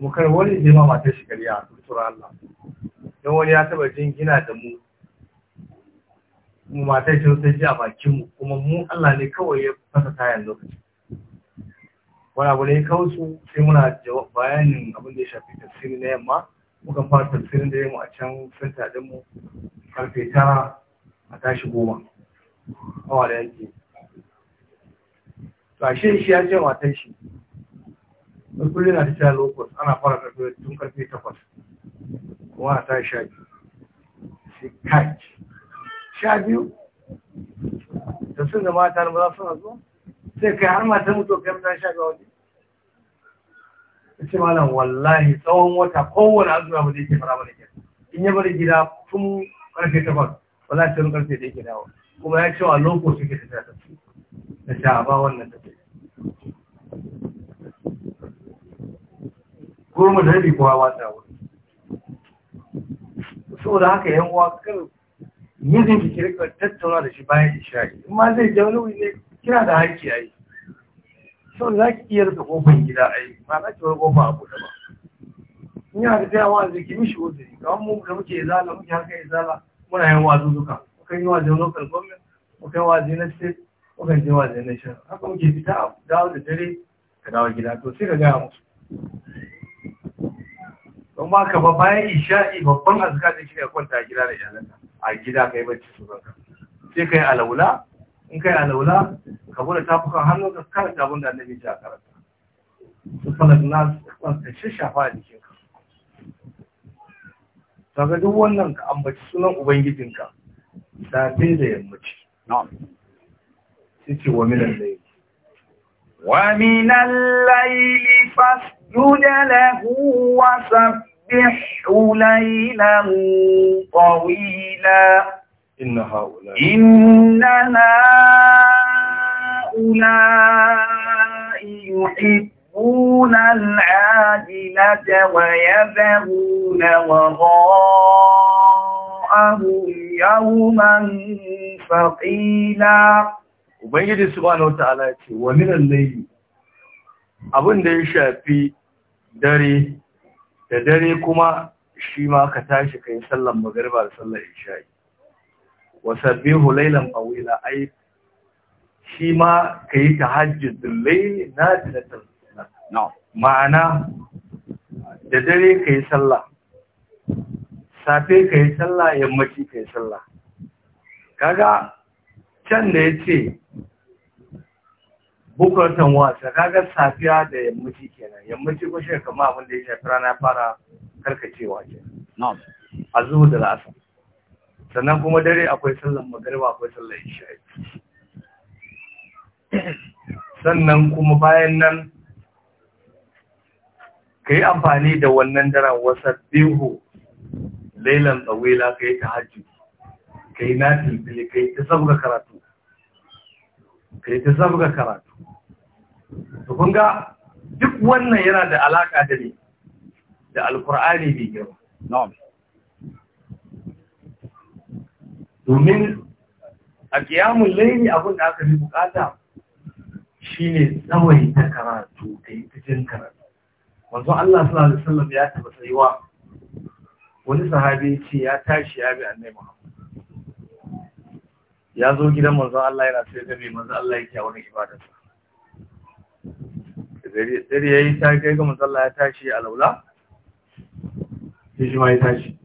mu kai wani zai ma matar shi gari a tutura Allah don wani ya taba gina da mu mu matar shi sai ji a bakin mu kuma mu Allah ne kawai ya fasa tayan lokaci wani abu ne su sai muna bayanin abin da ya shafi tafsiri na yamma muka fara tafsirin da mu a can santa din mu karfe tara a tashi goma awa da yake to shi ya ce matar shi in kullum na tafiya locus ana fara tafiya tun karfe takwas kuma a ta sha biyu sai kai sha biyu da sun da mata na maza suna zuwa sai kai har mata mutu kai mutane sha biyu waje ce ma malam wallahi tsawon wata kowane azuma ba zai ke fara mana gida in ya bari gida tun karfe takwas wallahi tun karfe da yake dawo kuma ya ce wa loko suke tafiya ta tafiya Na sha ba wannan tafiya goma da rabi kowa wata wuri saboda haka yan uwa kan mijin ki kirkar tattauna da shi bayan ishari in ma zai jawo wuri ne kina da haƙƙi ai saboda za ki iya rufe kofar gida ai ba za ki bar kofa a buɗe ba in yana da tayawa zai ki mishi uzuri kamar mu da muke zala muke haka zala muna yin duka kan yi wazin local government mukan yi wazi na state mukan je wazi na shan haka muke fita a dawo da dare ka dawo gida to sai ka gaya musu Kuma ka ba bayan isha'i babban azka da shi ne kwanta a gida da iyalanka a gida ka yi bacci su zanka sai ka yi alaula in ka yi alaula ka bude tafukan hannu ka karanta abin da annabi ji a karanta su fana na ka shafa a jikinka daga duk wannan ka ambaci sunan ubangijinka safe da yammaci sai ce wa minan laili wa milan laili fasjuda lahu wasab يسبحوا ليلا طويلا إن هؤلاء إن هؤلاء يحبون العاجلة ويذرون وراءهم يوما ثقيلا Ubangiji subhanahu wata'ala ce wa minan layli abin da ya shafi dare da dare kuma shi ma ka tashi kai sallan magariba da sallar isha'i wa sabbihu laylan tawila ai shi ma kai tahajjudul layl nafilatan na'am ma'ana da dare kai sallah safe kai salla, yammaci kai salla, kaga can da yace bukuratan wasa kaga safiya da yammaci kenan yammaci ko shi kama abin da ya shafi rana fara karkacewa ke a zuwa da la'asa sannan kuma dare akwai sallan magariba akwai sallan isha'i sannan kuma bayan nan ka yi amfani da wannan daren wasa bihu lailan tsawila ka yi ta hajji ka yi na tilbili ka yi ta saboda karatu kai ta zabga karatu to kun ga duk wannan yana da alaƙa da ne da alkur'ani bai girma domin a kiyamun laini abin da aka fi bukata shine tsawai ta karatu ta yi karatu wanzu Allah sallallahu alaihi wasallam ya taba tsayuwa wani sahabi ce ya tashi ya bi annabi Muhammad ya zo gidan manzon Allah yana sai ga mai manzon Allah yake a wani ibada ya yi ta kai ga manzon Allah ya tashi a laula sai shi ma ya tashi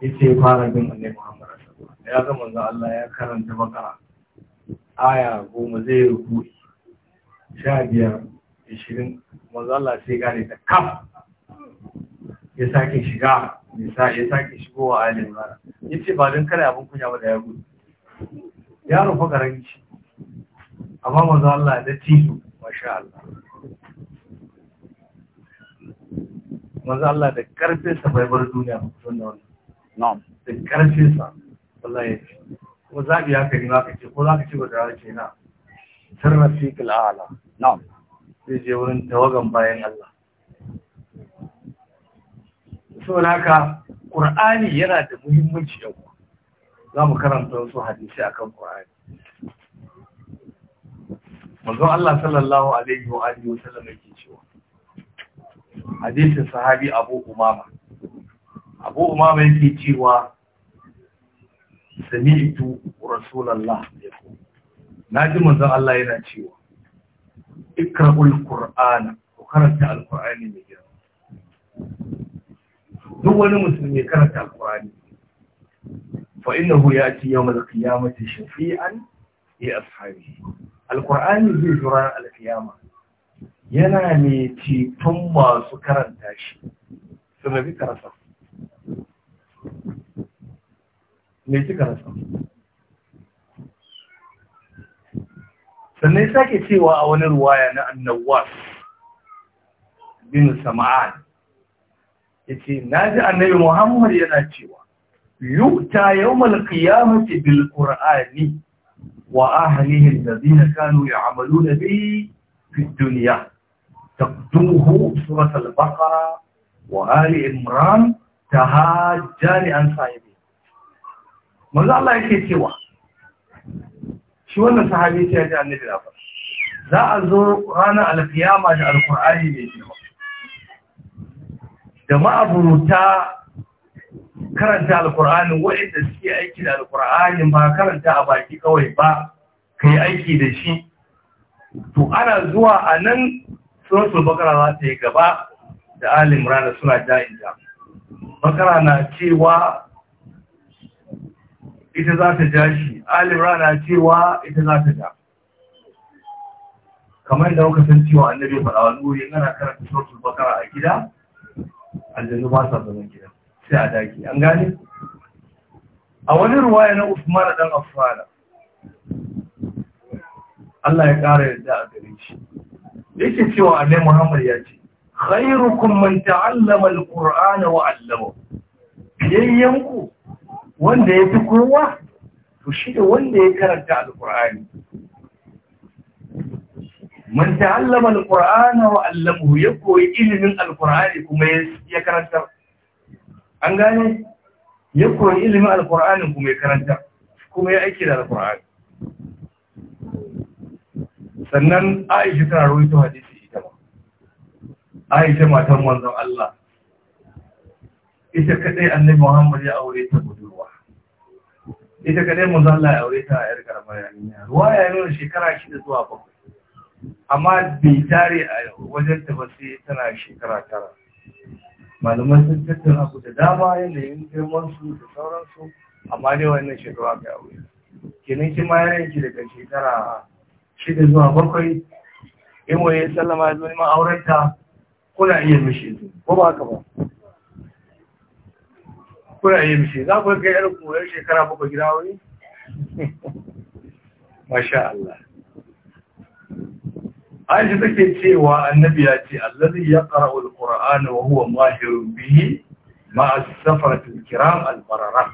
yace fara bin annabi Muhammad sallallahu alaihi wasallam ya ga manzon Allah ya karanta bakara aya goma zai rubuci sha biyar ishirin manzon Allah sai gane ta kaf ya sake shiga nisa ya sake ba don kare abin kunya ba da ya gudu amma Allah da masha Allah Allah da sa bai bar duniya da sa ko ya kai ma kace ko ka ci ba da ce na na'am sai je wurin tawagan bayan Allah saboda haka ƙur'ani yana da muhimmanci yau za mu karanta wasu hadisi akan ƙur'ani manzon Allah sallallahu alaihi wa alihi wasallam yake cewa hadisin sahabi Abu Umama Abu Umama yake cewa sami'tu rasulullah naji manzon Allah yana cewa ikra'ul qur'ana ku karanta alqur'ani mai girma duk wani mutum ya karanta alkur'ani fa innahu yati yawm alqiyamati shafi'an li ashabihi alkur'ani zai jira alqiyama yana ne tun masu karanta shi suna bi karasa me kika rasa sannan sake cewa a wani ruwaya na annawas bin sama'a yace naji annabi Muhammad yana cewa yu'ta yawmal qiyamati bil qur'ani wa ahlihi alladhina kanu ya'maluna bihi fid dunya taqduhu surat al-baqara wa ali imran tahajjani an sahibi manzo Allah yake cewa shi wannan sahabi sai ya ji annabi da za a zo ranar alkiyama da alkur'ani mai girma da ma'abuta karanta alkur'ani waɗanda suke aiki da alkur'ani ba karanta a baki kawai ba ka yi aiki da shi to ana zuwa a nan suratul bakara za ta yi gaba da alim rana suna ja'inta bakara na cewa ita za ta ja shi alim rana cewa ita za ta ja kamar da muka san cewa annabi faɗa wani yana karanta suratul bakara a gida aljanu ba sa zaman gida sai a daki an gane a wani ruwaya na Usman dan Affan Allah ya ƙara yadda a gare shi yake cewa Annabi Muhammad ya ce khairukum man ta'allama al wa 'allama yayyanku wanda yafi kowa to shi wanda ya karanta al man ta'allama alqur'ana wa 'allamahu ya koyi ilimin alqur'ani kuma ya karanta an gane ya koyi ilimin alqur'ani kuma ya karanta kuma ya aiki da alqur'ani sannan Aisha ta rawaito hadisi ita ma Aisha matan manzon Allah ita kadai Annabi Muhammad ya aure ta budurwa ita kadai manzon Allah ya aure ta a yar karamar yarinya ruwaya ne shekara 6 zuwa 7 amma bai tare a wajen ta ba sai tana shekara tara malaman sun tattara abu da dama yanayin girman su da sauransu amma dai wannan shekara ga aure kenan kima ma yanayin ki daga shekara shida zuwa bakwai in waye sallama ya zama aurenta kuna iya mishi ko ba haka ba kuna iya mishi za ku kai yar koyar shekara bakwai gida wani [laughs] masha Allah aisha take cewa annabi ya ce allazi yaqra'u alqur'ana wa huwa mahirun bihi ma'a safarati alkiram albarara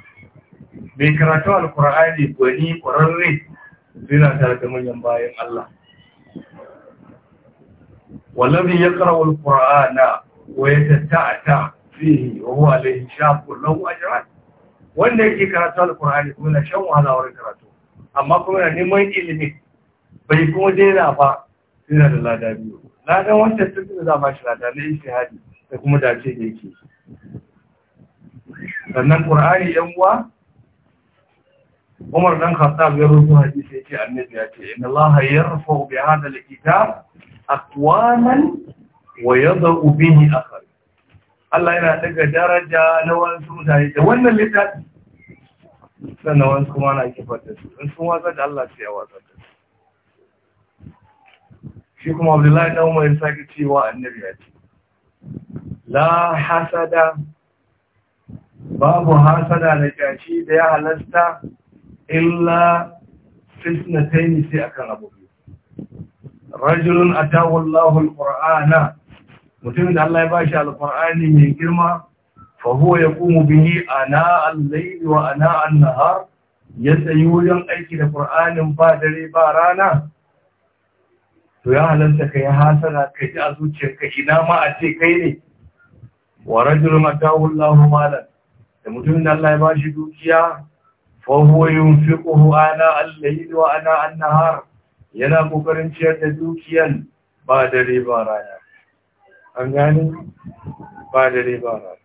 mai karatu alqur'ani gwani ƙwararre yana tare da manyan bayan Allah wallazi yaqra'u alqur'ana wa yatata'a fihi wa huwa alayhi shaqul lahu ajran wanda yake karatu alqur'ani kuma na shan wahala wurin karatu amma kuma yana neman ilimi bai kuma daina ba yana da lada biyu ladan wancan da za a ba shi lada na ishihadi da kuma dace da yake sannan ƙur'ani yan uwa Umar dan Khattab ya rubuta hadisi yake annabi ya ce inna Allah yarfa'u bi hadha al-kitab aqwaman wa yad'u bihi akhar Allah yana daga daraja na wasu mutane da wannan littafi sannan wasu kuma na kifar da su in sun wasa da Allah sai ya wasa da shi kuma abdullahi ɗan umar ya sake cewa annabi ya ce la hasada babu hasada da kyashi da ya halasta illa fisnataini sai akan abu rajulun atahu alqur'ana mutum da Allah ya bashi alqur'ani mai girma fa huwa yaqumu bihi ana al-layli wa ana an-nahar ya tsayi wurin aiki da qur'anin ba dare ba rana to ya halarta ka yi hasara ka ji a zuciyarka ina ma a ce kai ne wa rajul mata'ul lahu malan da mutum da Allah ya bashi dukiya fa huwa yunfiquhu ana al-layl wa ana an-nahar yana kokarin ciyar da dukiyan ba dare ba rana an gani ba dare ba rana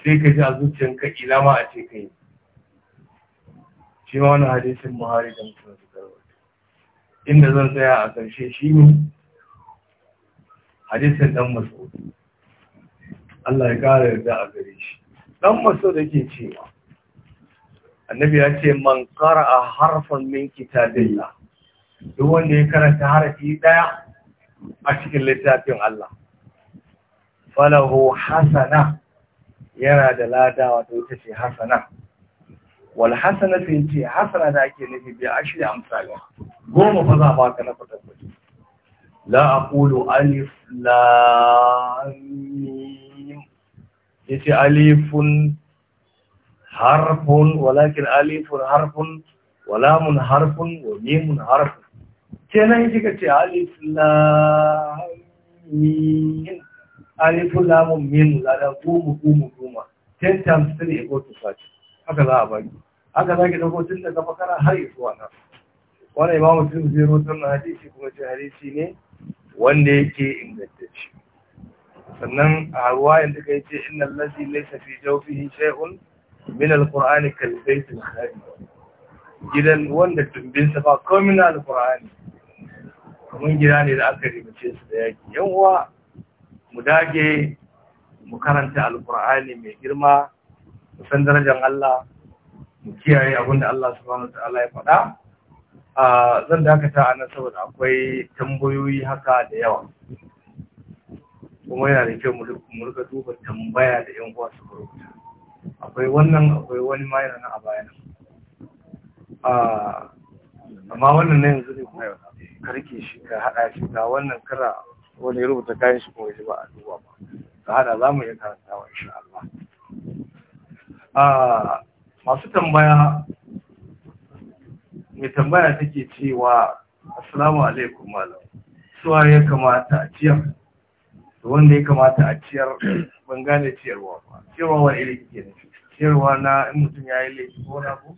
sai ka ji a zuciyarka ina ma a ce kai ne. shi ma wani hadisin Buhari da Muslim inda zan tsaya a ƙarshe shi ne hadisin ɗan maso Allah ya ƙara yarda a gare shi ɗan maso da ke cewa annabi ya ce man ƙara a harfan min kitabillah duk wanda ya karanta harafi ɗaya a cikin littafin Allah falahu hasana yana da lada wato ita ce hasana wal hasanatu yace hasana da ake nufi bi ashri amsalin goma fa za baka na fata kuɗi la aqulu alif lam mim yace alifun harfun walakin alifun harfun walamun harfun wa mimun harfun kenan kika ce alif lam mim alif lam mim la da goma goma goma 10 times 3 equals to 5 haka za a bari haka za ki dauko tun daga bakara har yi zuwa nan wannan imamu sun zai tun na hadisi kuma ce hadisi ne wanda yake ingantacce sannan a ruwayan da kai ce inna allazi laysa fi jawfihi shay'un min alqur'ani kal bayt al-khali gidan wanda tumbin sa ba na alqur'ani kuma gida ne da aka rimace su da yaki yan uwa mu dage mu karanta alqur'ani mai girma mu san darajar Allah mu kiyaye abin da Allah subhanahu wataala ya faɗa a zan dakata a nan saboda akwai tambayoyi haka da yawa kuma yana da kyau mu rika duba tambaya da yan uwa su rubuta akwai wannan akwai wani ma yana nan a baya nan amma wannan na yanzu ne ka karke shi ka haɗa shi ga wannan kara wani rubuta kayan shi kuma ba a duba ba ka haɗa za mu iya wa insha Allah a masu tambaya mai tambaya take cewa assalamu alaikum malam suwa ya kamata a ciyar wanda ya kamata a ciyar [clears throat] ban gane ciyarwa ba ciyarwa wa iri ke ciyarwa na in mutum ya yi laifi ko na ku,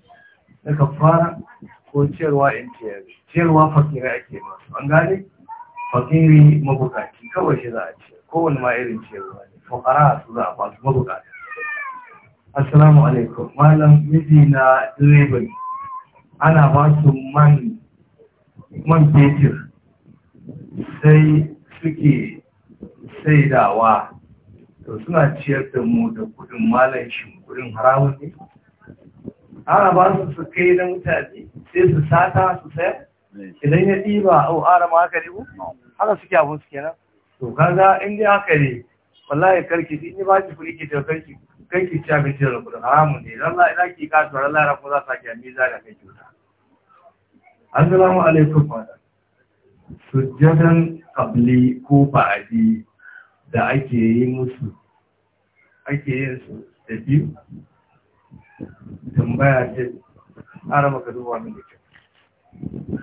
na kafara ko ciyarwa in ciyar ciyarwa fakiri ake masu an gane fakiri mabukaci kawai shi za a ciyar kowane ma irin ciyarwa ne fakara su za a fasu mabukaci assalamu alaikum malam miji na direban ana ba su man man fetur sai suke saidawa to suna ciyar da mu da kudin malam shi kudin haramun ne ana ba su su kai na mutane sai su sata su sayar idan ya ɗiba au ara ma haka ne haka suke abun su kenan to kaga in dai haka ne wallahi karki in ba ki kuɗi ke tafarki. kai ki ci abinci da da haramun ne idan za ki kasuwar lara ko za ta ki za da kai kyauta assalamu alaikum madam sujjadan kabli ko ba'adi da ake yi musu ake yin su da biyu tambaya ce ara maka zuwa min da kyau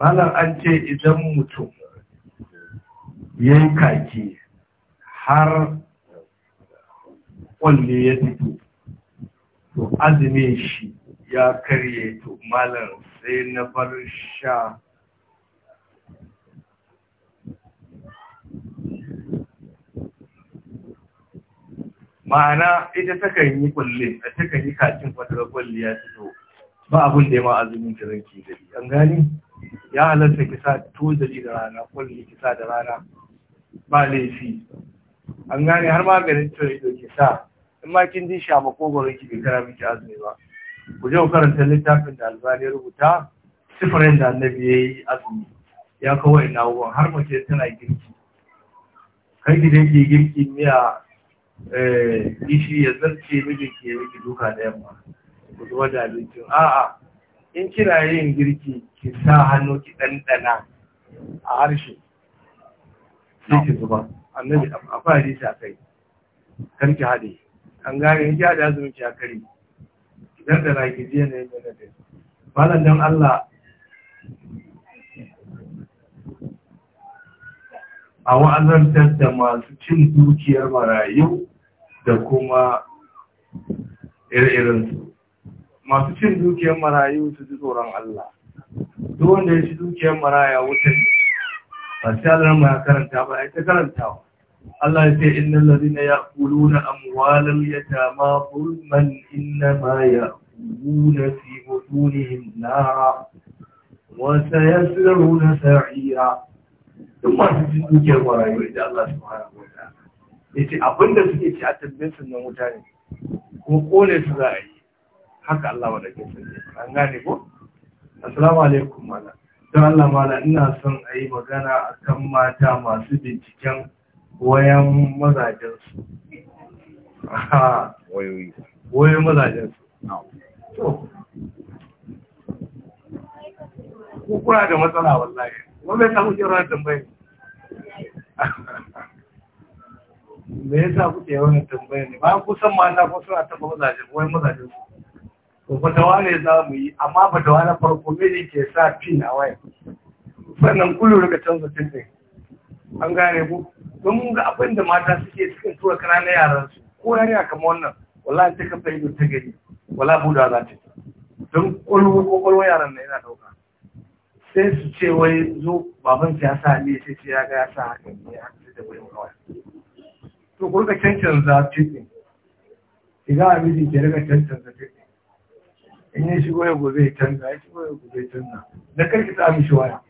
malam an ce idan mutum ya yi kaki har kwalle ya fito to azumin shi ya karye to malam sai na bar sha ma'ana ita takan yi kwalle a takan yi kacin kwatar kwalle ya fito ba abin da ya ma azumin ta ke da an gani ya halarta kisa to da rana kwalle kisa da rana ba laifi an gane har maganin ciwo ke sa in ma kin ji shi a ki bai kara miki azumi ba ku je ku karanta littafin da albani ya rubuta sifirin da annabi ya yi azumi ya kawo ina abubuwan har mace tana girki kai ki dai girki miya eh, gishi ya zarce miji ke miki duka da yamma ku zuba da abincin a'a in kina yin girki ki sa hannu ki ɗanɗana a harshe sai ki zuba annabi akwai hadisi a kai ki haɗe an gane ya da azumin ki a kare idan da na ki na yin ne da dan Allah a wa'azantar da masu cin dukiyar marayu da kuma irinsu masu cin dukiyar marayu su ji tsoron Allah duk wanda ya ci dukiyar maraya wuta ba Allah ya karanta ba ai ta karantawa Allah ya ce innal ladina ya'kuluna amwalal yatama zulman innama na fi butunihim ya wa sayasluna sa'ira Don masu cin dukiyar marayu da Allah subhanahu wa ta'ala yace abinda suke ci a tabbin sun nan wuta ne kuma kone su za a yi haka Allah wa dake sanye an gane ko assalamu alaikum mala don Allah mala ina son a yi magana a kan mata masu binciken wayan mazajensu wayoyi wayoyin mazajensu to kuna da matsala wallahi wanda ta kuke ranar tambayi [laughs] me yasa kuke yawan tambayi ne ba ku san mata ko suna taba mazaje wayan mazajen su ko fatawa wani za mu yi amma fatawa wani farko me ne ke sa pin a waya sannan kullu rika canza pin an gane ku don mun ga abin da mata suke cikin tura na yaran su ko yarinya kamar wannan wallahi sai ka fahimta ta gani wala buda za ta don kwalwo ko kwalwo yaran na yana ɗauka sai su ce wai zo baban ya sa ne sai ce ya ga ya sa haka ne ya haka da wani kawai to ku rika cancanza titin idan a miji ke rika cancanza titin in yi shigo ya gobe ya canza ya shigo ya gobe ya canza da karki ta mishi waya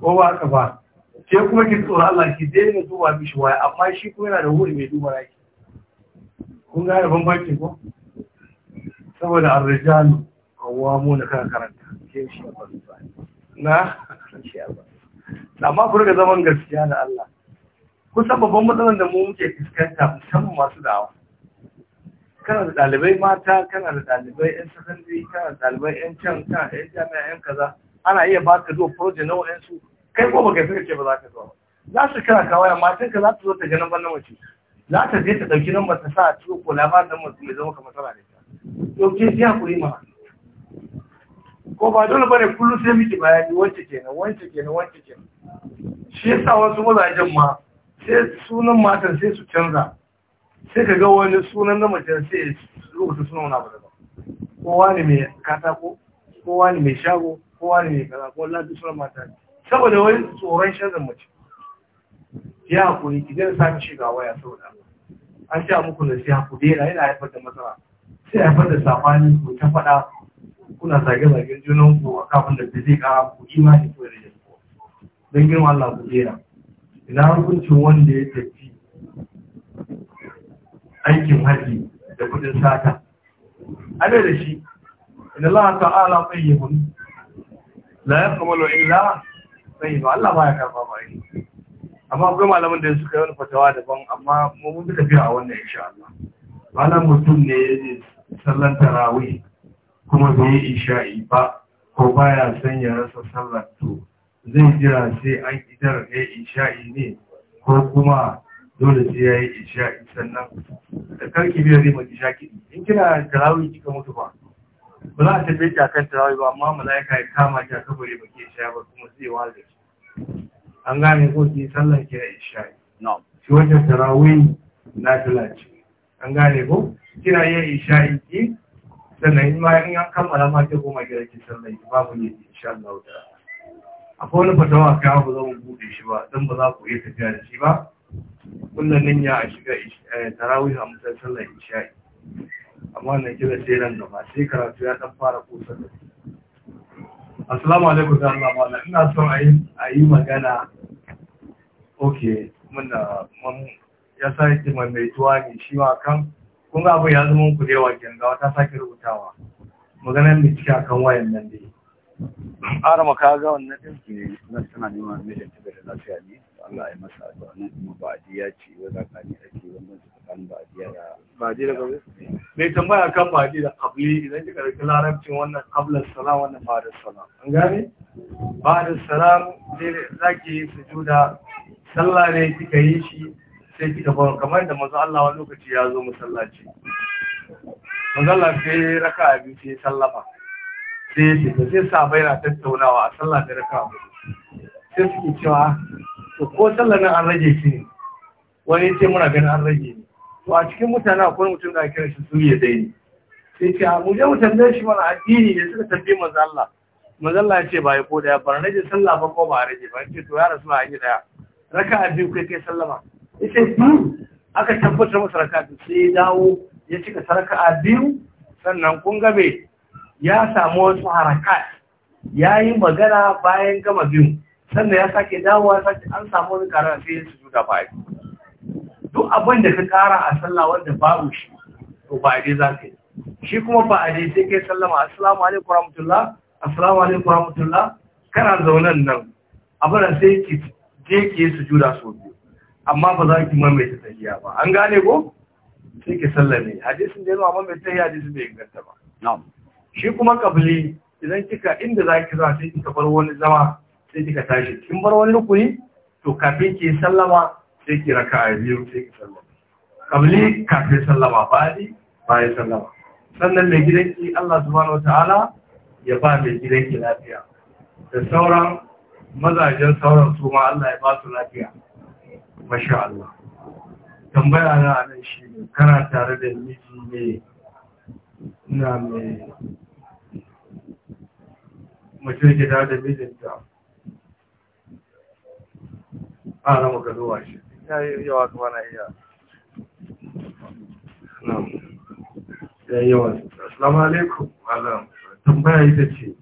ko ba ka ba ke kuma ki tsoron Allah ki daina duba mishi waya amma shi kuma yana da wuri mai duba raki kun gane bakin ko saboda arrijalu kawamu na kan karanta ke shi na shi ba amma ku riga zaman gaskiya da Allah Ku san babban matsalar da mu muke fuskanta musamman masu da'awa kana da ɗalibai mata kana da ɗalibai 'yan sakandare kana da ɗalibai 'yan can kana da 'yan jami'a 'yan kaza ana iya baka zuwa project na wa'yansu kai ko baka sai ce ba za ka zo za su kira ka waya matan ka za ta zo ta ga nan mace za ta je ta dauki nan ta sa a ciwo ko labarin nan mace mai zama kamar sana da ita to ke ji hakuri ma ko ba dole bane kullum sai miki bayani wance kenan wance kenan wance kenan shi yasa wasu mazajen ma sai sunan matan sai su canza sai ka ga wani sunan na mace sai rubuta sunan wani abu daban kowa ne mai katako kowa ne mai shago kowa ne mai kaza ko lafi sunan mata ne saboda wani tsoron shirin mace ya hakuri ki zai sami shiga waya saboda an sha muku na siya ku dera yana haifar da matsala sai haifar da safani ku ta faɗa kuna zage-zagen junan ku a kafin da zai kara ku imani ko da ku don girma Allah ku dera ina hukuncin wanda ya tafi aikin haji da kudin sata ana da shi ina Allah ta'ala tayyibun la yaqbalu illa sai ba Allah ba ya karba ba amma akwai malamin da suka yi wani fatawa daban amma mun fi tafiya a wannan insha Allah malam mutum ne ya je sallan tarawih kuma bai yi isha'i ba ko baya san ya rasa sallar to zai jira sai an idar ya yi isha'i ne ko kuma dole sai ya yi isha'i sannan da karki biyar zai mai isha'i in kina tarawih kika mutu ba ba za a tafi ki akan tarawih ba amma malaika ya kama ta a kabari ba ke sha ba kuma zai wahala an gane ko ki sallar ki isha na'am Shi wata tarawih na talaci an gane ko kina yin isha ki sannan in ma in an kammala ma ki goma gida ki sallar ki babu ne insha Allah ta'ala akwai wani fatawa kai ba za mu bude shi ba dan ba za ku iya tafiya da shi ba Kullum nan ya shiga eh, tarawih a musan sallar isha amma nan kira sai nan gaba sai karatu ya dan fara kusa da assalamu alaikum da Allah ina son a yi magana ok muna ya sake mai tuwa ne shi ma kan kun abin ya zama ku da yawa ganga ta sake rubutawa maganar mai cika kan wayan nan dai ara maka ga wannan ɗin ne na tana neman mijinta da lafiya ne Allah ya masa addu'a nan kuma adiya ce wai ake wannan su tsakanin adiya da adiya da mai tambaya kan adiya da qabli idan kika rika larabcin wannan qabla salam wannan da salam an gane da salam sai zaki yi sujuda sallah ne kika yi shi sai kika fara kamar da manzo Allah wani lokaci ya zo masallaci manzo Allah sai raka abin sai sallafa sai ya sai sabai na tattaunawa a sallah da raka'a sai suke cewa to ko sallar nan an rage shi ne wani ce muna ganin an rage ne to a cikin mutane akwai mutum da kira shi suriya dai ne sai ce mu je mu tambaye shi mana addini ne suka tambaye manzo Allah Allah ya ce ba ya ko daya ba rage sallah ba ko ba a rage ba ce to ya rasu an yi daya raka'a biyu kai kai sallama yace hmm. aka tabbatar masa raka'a sai dawo ya cika a biyu sannan kun gabe ya samu wasu harakat ya yi magana bayan gama biyu sannan ya sake dawowa sake an samu wani ƙara sai ya su ba yi duk abin da ka ƙara a sallah wanda babu shi to ba a za ka yi shi kuma ba a dai sai kai sallama assalamu alaikum rahmatullah assalamu alaikum rahmatullah kana zaunan nan abin sai ki je ki juda sau biyu amma ba za ki mamaye ta tahiya ba an gane ko sai ki sallame hadisin da yana mamaye tahiya hadisin bai inganta ba shi kuma kabili idan kika inda za ki zuwa sai kika bar wani zama sai kika tashi kin bar wani rukuni to kafin ki sallama sai ki a biyu sai ki sallama kabli kafin sallama bali bayan sallama sannan mai gidanki Allah subhanahu wataala ya ba mai gidanki lafiya da sauran mazajen sauran su ma Allah ya ba su lafiya masha Allah tambaya na a nan shi kana tare da miji ne na mai mutum ke tare da mijinta a muka zuwa shi ya yi yawa kuma na iya ya yi yawa assalamu alaikum malam tambaya ita ce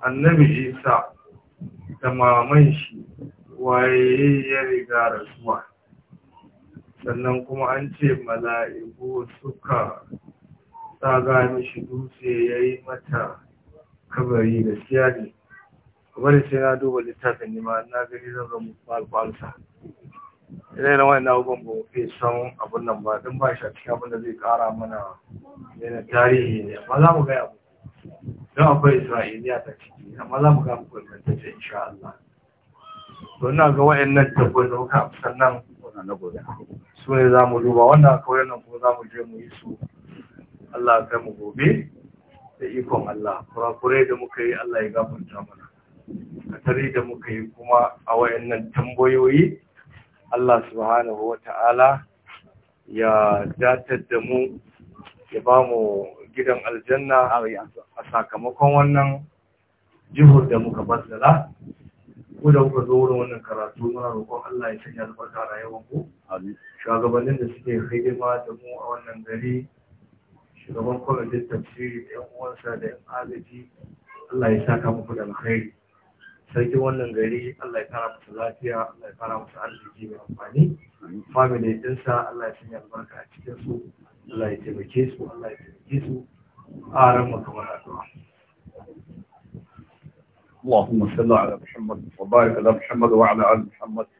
annabi isa da maman shi waye ya riga rasuwa sannan kuma an ce mala'iku suka tsaga mishi dutse ya yi mata kabari da siya bari sai na duba littafin ne ma na gani zan zama alfansa idan yana wani abubuwan ba fi son abin nan ba don ba shi a cikin abin da zai kara mana yana tarihi ne amma za mu gaya muku don akwai isra'iliya ta ciki amma za mu gaya muku in insha Allah don na ga wa'in nan tabbai da muka amsan nan su ne za mu duba wannan kawai nan kuma za mu je mu yi su Allah kai mu gobe da ikon Allah kurakurai da muka yi Allah ya gafarta mana tare da muka yi kuma a wayannan tambayoyi Allah subhanahu wata'ala ya datar da mu ya ba mu gidan aljanna a sakamakon wannan jihur da muka bazzala ko da kuka zo wurin wannan karatu muna roƙon Allah ya sanya albarka rayuwar ku shugabannin da suke hidima da mu a wannan gari shugaban kwamitin tafsiri da yan uwansa da yan agaji Allah ya saka muku da alkhairi sarkin wannan gari Allah ya kara masa lafiya Allah ya kara masa arziki mai amfani family dinsa Allah ya sanya albarka a cikin su Allah ya taimake su Allah ya taimake su a ran makamar addu'a اللهم صل على محمد وبارك على محمد وعلى ال محمد